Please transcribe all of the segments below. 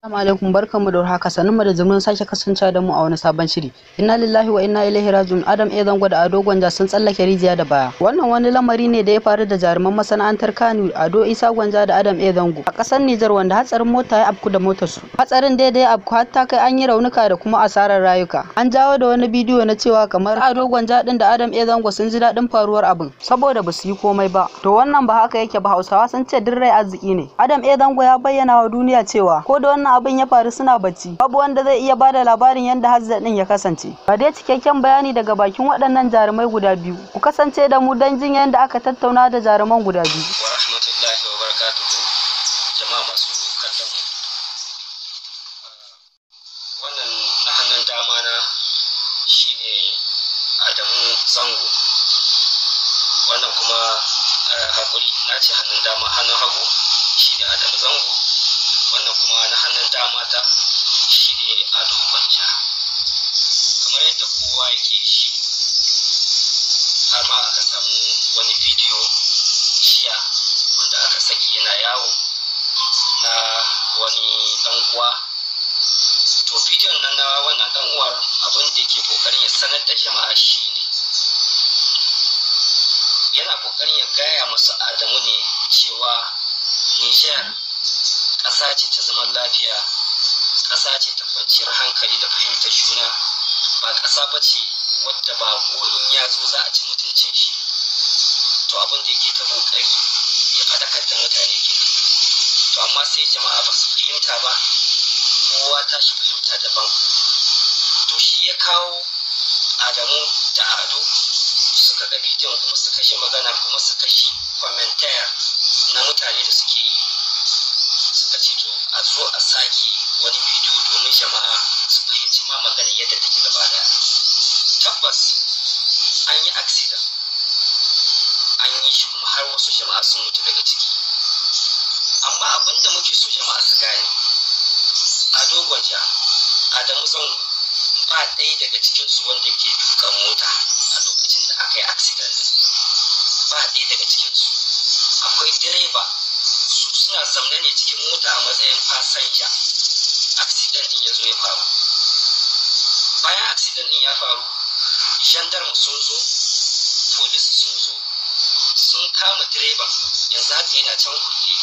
Assalamu alaikum barkanmu da warhaka mu da zumun sake kasance da mu a wani sabon shiri. Inna lillahi wa inna ilaihi raji'un Adam eh Zango da Ado Gwanja sun tsallake rijiya da baya. Wannan wani lamari ne da ya faru da jaruman masana'antar Kano Ado Isa Gwanja da Adam eh Zango a kasar Nijar wanda hatsarin mota ya abku da motar su. Hatsarin daidai abku har ta kai an yi raunuka da kuma asarar rayuka. An jawo da wani bidiyo na cewa kamar Ado Gwanja din da Adam eh Zango sun ji daɗin faruwar abin saboda ba su yi komai ba. To wannan ba haka yake ba Hausawa sun ce dirrai arziki ne. Adam eh Zango ya bayyana wa duniya cewa ko da wannan abin ya faru suna bacci babu wanda zai iya bada labarin yadda hazza din ya kasance ba dai cikakken bayani daga bakin waɗannan jarumai guda biyu ku kasance da mu don jin yadda aka tattauna da jaruman guda biyu jama'a masu kallon mu ah, wannan na hannun dama na adamu zango wannan kuma ah, hakuri na ce hannun dama hannun hagu shi ne adamu zango wannan kuma na hannun dama ta shine ado gwanja kamar yadda kowa yake ji har ma aka samu wani bidiyo jiya wanda aka saki yana yawo na wani dan uwa to bidiyon nan na wannan dan uwar abin da ke kokarin ya sanar da jama'a shine yana kokarin ya gaya masu adamu ne cewa Niger ƙasa ce ta zaman lafiya ƙasa ce ta kwanciyar hankali da fahimtar juna ba ƙasa ba ce wadda ba ko in ya zo za a ci mutuncin shi to abin da yake ta ƙoƙari ya faɗakar da mutane ke to amma sai jama'a ba su fahimta ba kowa ta shi fahimta daban to shi ya kawo adamu da ado suka ga bidiyon kuma suka shi magana kuma suka shi kwamentaya na mutane da suke yi a zo a sake wani bidiyo domin jama'a su fahimci ma maganin yadda take gaba da tabbas an yi accident an yi shi kuma har wasu jama'a sun mutu daga ciki amma abin da muke so jama'a su gane a dogon ja adamu zango ba ɗaya daga cikinsu wanda ke tuka mota a lokacin da aka yi accident ba ɗaya daga cikinsu akwai direba suna zamne ne cikin mota a matsayin fasanja accident din ya zo ya faru bayan accident din ya faru gendarme sun zo police sun zo sun kama direban yanzu haka yana can kulle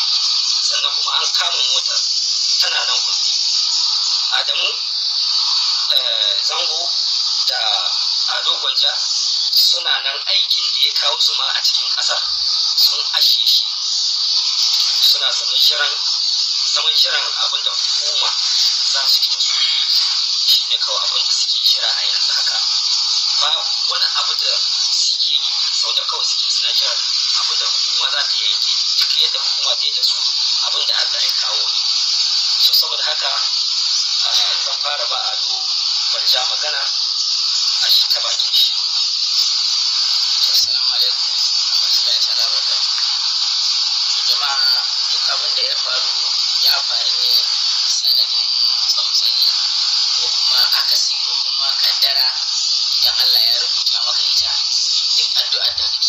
sannan kuma an kama motar tana nan kulle adamu eh, zango da ado gwanja suna nan aikin da ya kawo su ma a cikin ƙasar sun ashe shi suna zaman shirin zaman shirin abin da hukuma za su fito su shi ne kawai abin da suke shira a yanzu haka ba wani abu da suke yi sau da kawai suke suna jiran abin da hukuma za ta yanke duk yadda hukuma ta yi da su abin da allah ya kawo ne so saboda haka ah, zan fara ba ado ban ja magana a shi ta bakin shi sanadin tsautsayi ko kuma akasi ko kuma kaddara idan Allah ya rubuta maka ita duk addu'ar da kake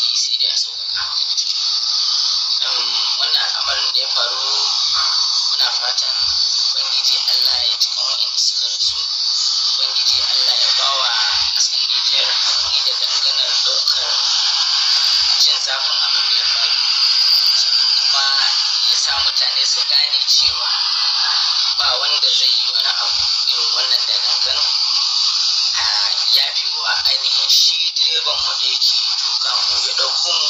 ainihin shi direban mu da yake tuka mu ya ɗauko mu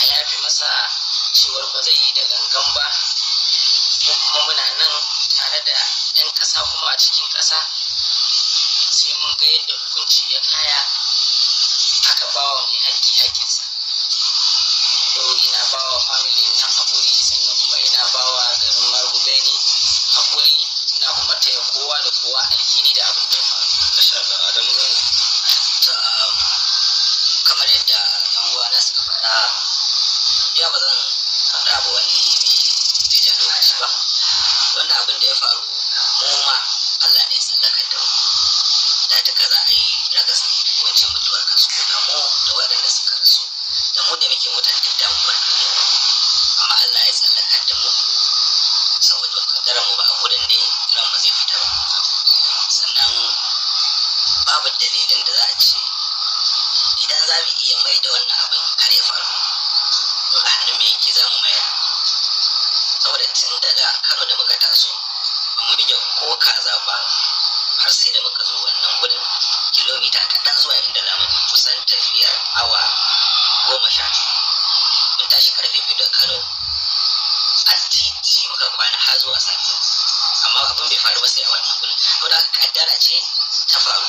a yafi masa cewar ba zai yi da gangan ba mu kuma muna nan tare da 'yan ƙasa kuma a cikin ƙasa sai mun ga yadda hukunci ya kaya aka bawa mai haƙƙi haƙƙinsa to ina bawa family na haƙuri sannan kuma ina bawa garin margubeni haƙuri ina kuma taya kowa da kowa alhini da abin da da duka za a yi ragas wancan mutuwar kansu ko da mu da waɗanda suka rasu da mu da muke mutan duk damuwar duniya amma Allah ya tsallaka da mu saboda kaddara mu ba a gudun ne ran ba zai fita ba sannan babu dalilin da za a ce idan za mu iya mai da wannan abin kar ya faru in a hannun mu yake za mu mayar saboda tun daga kano da muka taso ba mu bige ko kaza ba har sai da muka zo wannan gudun kilomita kaɗan zuwa inda zamu kusan tafiyar awa goma sha mun tashi karfe biyu da kano a titi muka kwana har zuwa safiya amma abin bai faru ba sai a wannan gudun to da kaddara ce ta faru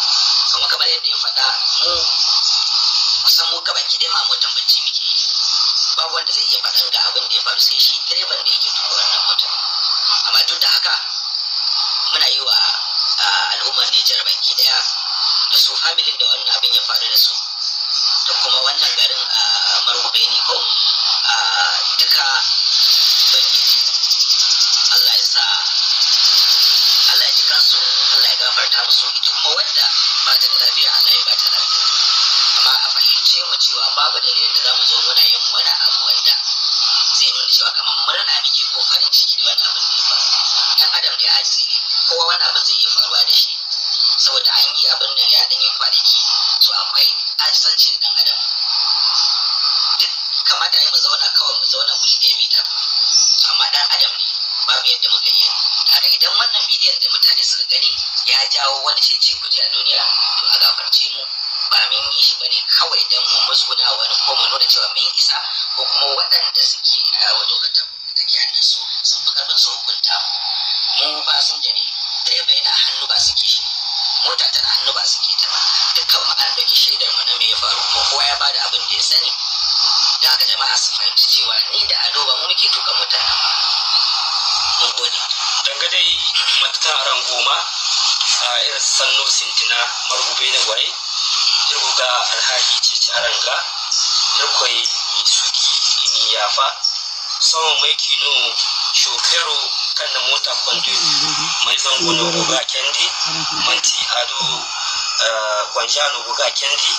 kuma kamar yadda ya faɗa mu kusan mu gaba ki ma motan tambaci muke yi babu wanda zai iya faɗan ga abin da ya faru sai shi direban da yake tuka wannan motar amma duk da haka al'ummar Nijar baki daya da su familin da wannan abin ya faru da su da kuma wannan garin a ne ko a duka bangiji Allah ya sa Allah ya ji su Allah ya gafarta musu ita kuma wadda ba ta lafiya Allah ya ba ta lafiya amma a fahimce mu cewa babu dalilin da za mu zo muna yin wani abu wanda zai nuna cewa kamar murna muke ko farin ciki da wani abin da ya faru dan adam ne ajizi ne kowa wani abin saboda an yi abin da ya yi kwanaki so akwai ajizancin ɗan adam duk kamata yi mu zauna kawai mu zauna guri ɗaya mai tabo amma ɗan adam ne babu yadda muka yi haka idan wannan bidiyon da mutane suka gani ya jawo wani cece kuji a duniya to a gafarce mu ba min yi shi bane kawai dan mu musguna wani ko mu nuna cewa mun isa ko kuma waɗanda suke a dokar ta take hannun su sun fi karfin su hukunta mu fasinja ne direba yana hannu ba suke shi mota tana hannu ba suke ta ba dukkan mu an dauki shaidar mu na ya faru kuma kowa ya bada abin da ya sani da haka jama'a su fahimci cewa ni da ado ba mu muke tuka mota na ba mun gode dangadai mataran goma a irin sannu sintina margube na gwaye ga alhaji ce ci aranga mai suki ya fa. son mai no shofero kan mota kwando mai zango no goga kendi manti ado kwanja eh, na goga kendi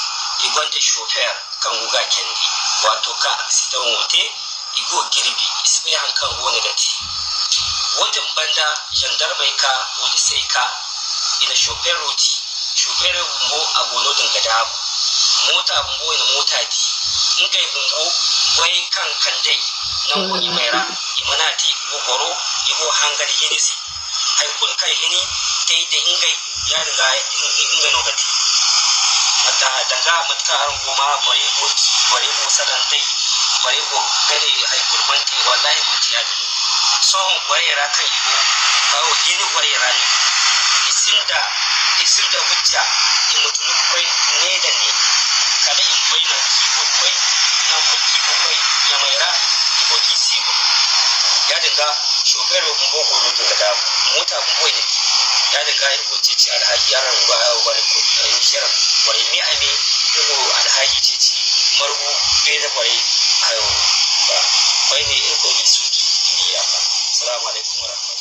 igon da shofer kan goga kendi wato ka sitan wote igo girbi ismai han wani gona da ti wajen banda mai ka sai ka ina shofer roti shofer bumbo a gono dinga mota bumbo ina mota di in kai bumbo wai kan kan yango imera imanati gogoro igo hangari hinisi hay kul kai hini tei de ingai yar ga ingai nogati mata danga matka aron goma bare go bare go salan dai bare go gare hay kul banti wallahi mutiya son bare ra kan igo kawo hini bare ra ne isinda isinda hujja in mutum kai ne da ne kada in bayyana kiwo kai na kuki kai ya mai ra koki sibu ya dinga shogar mu bon ko lutu ka damu mota mu boy ne ya dinga yi ko ce alhaji ya ran ba ya eh, ba ko eh, yishira wa ni ami ko alhaji ce ci margo be da kwai ayo ba ne ni suki ya fa Salamu alaikum wa rahmatullahi